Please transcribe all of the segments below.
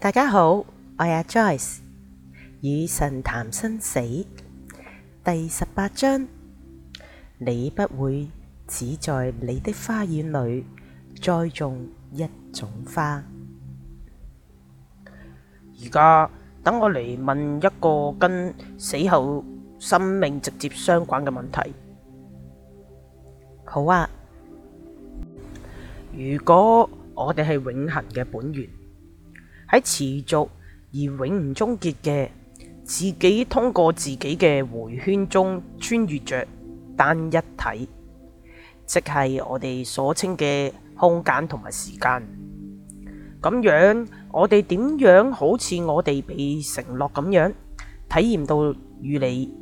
大家好，我係 Joyce，與神談生死第十八章，你不會只在你的花園裡栽種一種花。而家等我嚟問一個跟死後生命直接相關嘅問題。好啊。如果我哋係永恆嘅本源。喺持續而永唔終結嘅自己，通過自己嘅回圈，中穿越着單一體，即係我哋所稱嘅空間同埋時間。咁樣我哋點樣好似我哋被承諾咁樣體驗到與你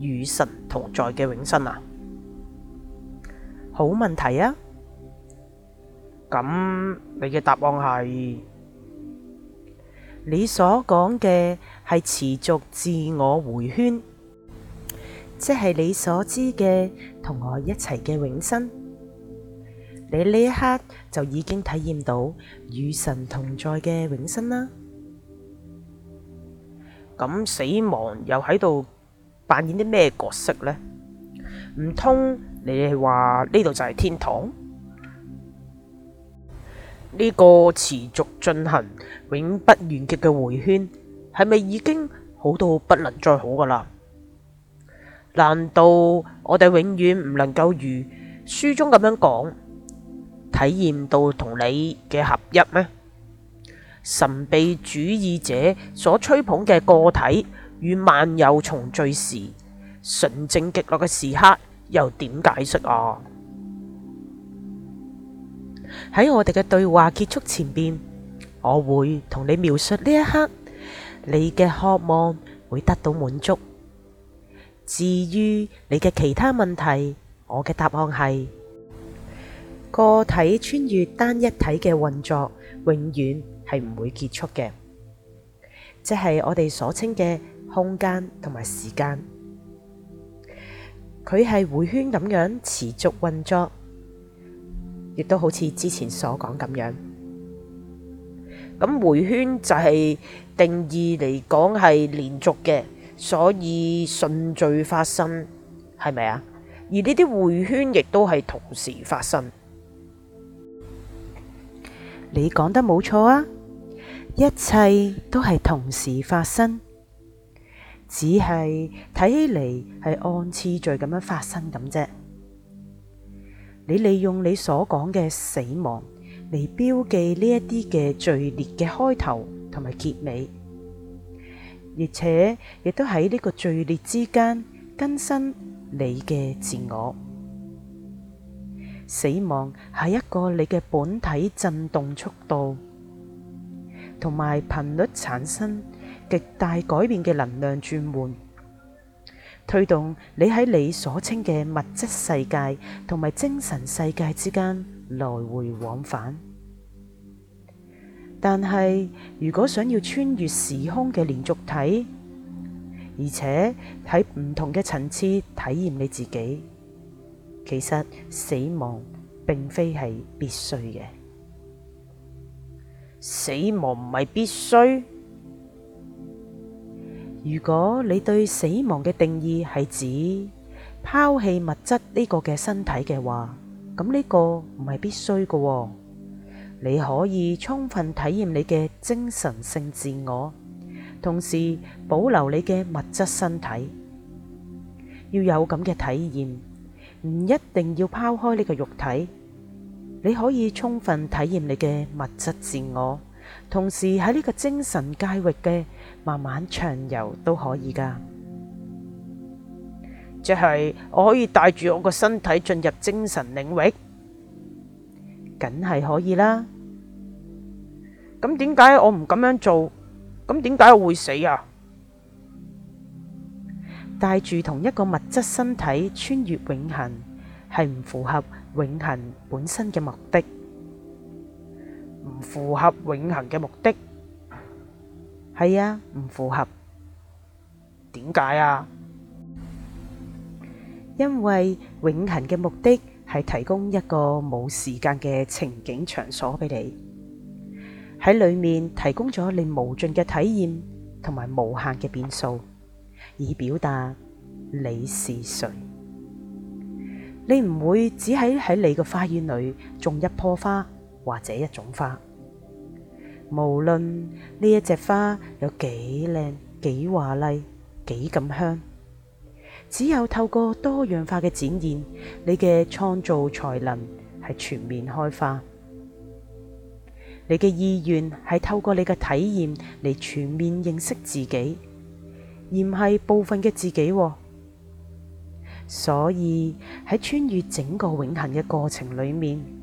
與神同在嘅永生啊？好問題啊！咁你嘅答案係？你所講嘅係持續自我迴圈，即係你所知嘅同我一齊嘅永生。你呢一刻就已經體驗到與神同在嘅永生啦。咁死亡又喺度扮演啲咩角色呢？唔通你哋話呢度就係天堂？呢個持續進行，永不完結嘅回圈，係咪已經好到不能再好噶啦？難道我哋永遠唔能夠如書中咁樣講，體驗到同你嘅合一咩？神秘主義者所吹捧嘅個體與萬有重聚時純正極樂嘅時刻，又點解釋啊？喺我哋嘅對話結束前邊，我會同你描述呢一刻，你嘅渴望會得到滿足。至於你嘅其他問題，我嘅答案係：個體穿越單一體嘅運作，永遠係唔會結束嘅。即係我哋所稱嘅空間同埋時間，佢係迴圈咁樣持續運作。亦都好似之前所講咁樣，咁迴圈就係定義嚟講係連續嘅，所以順序發生，係咪啊？而呢啲迴圈亦都係同時發生。你講得冇錯啊！一切都係同時發生，只係睇起嚟係按次序咁樣發生咁啫。你利用你所講嘅死亡嚟標記呢一啲嘅序列嘅開頭同埋結尾，而且亦都喺呢個序列之間更新你嘅自我。死亡係一個你嘅本體震動速度同埋頻率產生極大改變嘅能量轉換，推動你喺你所稱嘅物質世界同埋精神世界之間來回往返，但係如果想要穿越時空嘅連續體，而且喺唔同嘅層次體驗你自己，其實死亡並非係必須嘅。死亡唔係必須。如果你對死亡嘅定義係指拋棄物質呢個嘅身體嘅話，咁呢個唔係必須嘅。你可以充分體驗你嘅精神性自我，同時保留你嘅物質身體。要有咁嘅體驗，唔一定要拋開呢個肉體。你可以充分體驗你嘅物質自我。同時喺呢個精神界域嘅慢慢暢遊都可以噶，即係我可以帶住我個身體進入精神領域，梗係可以啦。咁點解我唔咁樣做？咁點解我會死啊？帶住同一個物質身體穿越永恆，係唔符合永恆本身嘅目的。唔符合永恆嘅目的，係啊，唔符合。點解啊？因為永恆嘅目的係提供一個冇時間嘅情景場所俾你，喺裏面提供咗你無盡嘅體驗同埋無限嘅變數，以表達你是誰。你唔會只喺喺你個花園裏種一棵花。或者一種花，無論呢一隻花有幾靚、幾華麗、幾咁香，只有透過多樣化嘅展現，你嘅創造才能係全面開花。你嘅意願係透過你嘅體驗嚟全面認識自己，而唔係部分嘅自己。所以喺穿越整個永恆嘅過程裏面。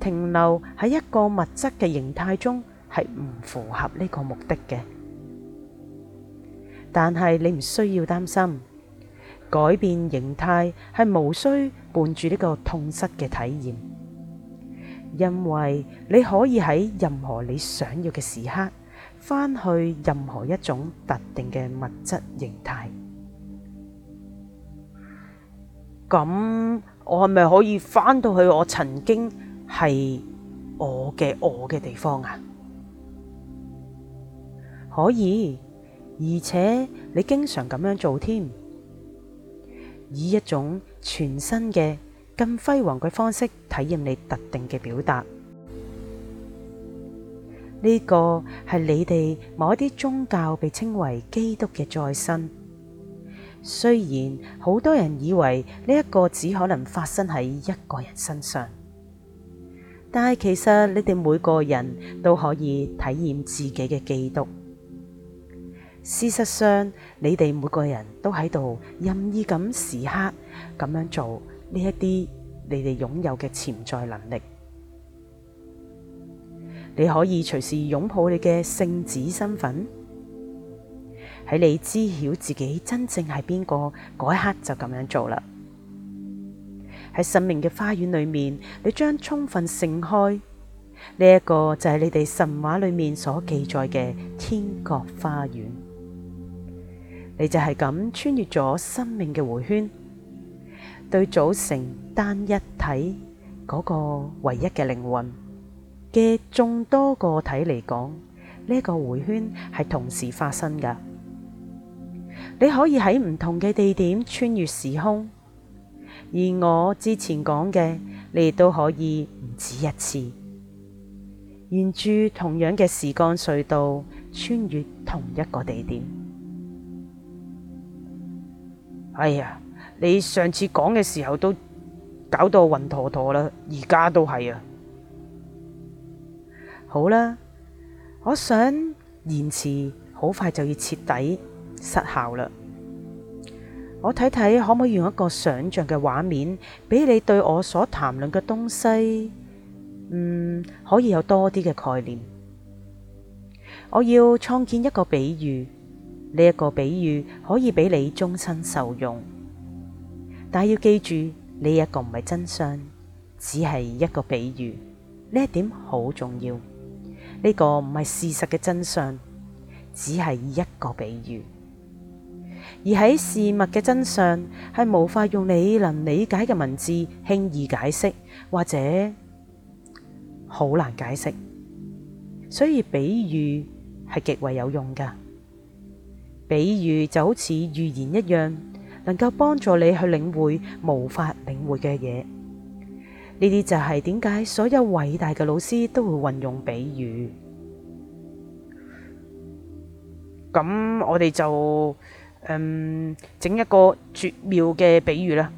停留喺一個物質嘅形態中係唔符合呢個目的嘅，但係你唔需要擔心，改變形態係無需伴住呢個痛失嘅體驗，因為你可以喺任何你想要嘅時刻翻去任何一種特定嘅物質形態。咁我係咪可以翻到去我曾經？係我嘅、我嘅地方啊！可以，而且你經常咁樣做添，以一種全新嘅、更輝煌嘅方式體驗你特定嘅表達。呢個係你哋某一啲宗教被稱為基督嘅再生。雖然好多人以為呢一個只可能發生喺一個人身上。但係其實你哋每個人都可以體驗自己嘅基督。事實上，你哋每個人都喺度任意咁時刻咁樣做呢一啲你哋擁有嘅潛在能力。你可以隨時擁抱你嘅聖子身份，喺你知曉自己真正係邊個嗰一刻就咁樣做啦。喺神明嘅花園裏面，你將充分盛開。呢一個就係你哋神話裏面所記載嘅天國花園。你就係咁穿越咗生命嘅回圈，對組成單一體嗰個唯一嘅靈魂嘅眾多個體嚟講，呢個回圈係同時發生噶。你可以喺唔同嘅地點穿越時空。而我之前講嘅，你亦都可以唔止一次，沿住同樣嘅時光隧道穿越同一個地點。哎呀，你上次講嘅時候都搞到暈陀陀啦，而家都係啊。好啦，我想延遲好快就要徹底失效啦。我睇睇可唔可以用一個想象嘅畫面，俾你對我所談論嘅東西，嗯，可以有多啲嘅概念。我要創建一個比喻，呢一個比喻可以俾你終身受用。但係要記住，呢一個唔係真相，只係一個比喻。呢一點好重要。呢個唔係事實嘅真相，只係一個比喻。而喺事物嘅真相係無法用你能理解嘅文字輕易解釋，或者好難解釋，所以比喻係極為有用噶。比喻就好似寓言一樣，能夠幫助你去領會無法領會嘅嘢。呢啲就係點解所有偉大嘅老師都會運用比喻。咁我哋就。嗯，整一個絕妙嘅比喻啦，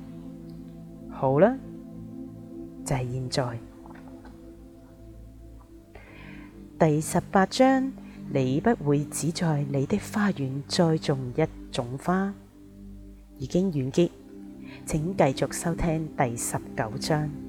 好啦，就係現在，第十八章，你不會只在你的花園栽種一種花，已經完結，請繼續收聽第十九章。